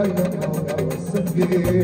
kalma sëgg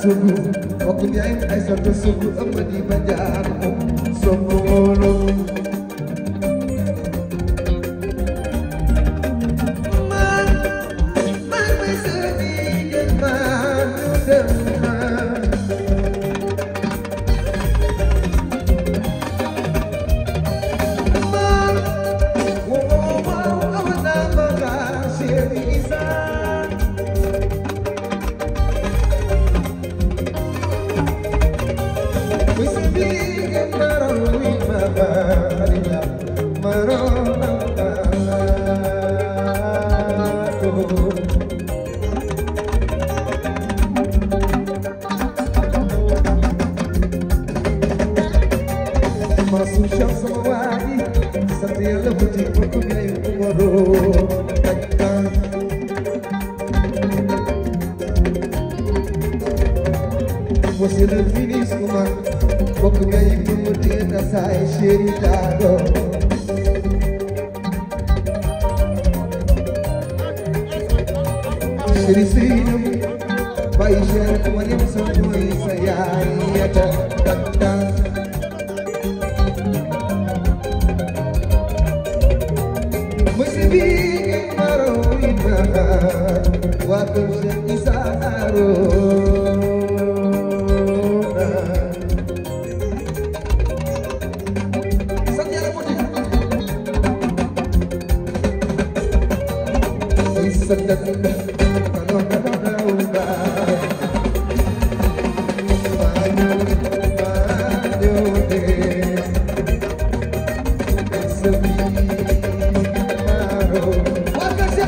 Sougou mbokk Ndiaye ay sant Sougou ëmb di ba jaar Sougou Aisha wani musulmi sai ya tabbata musbi maro ina wa kabshe isaro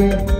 thank you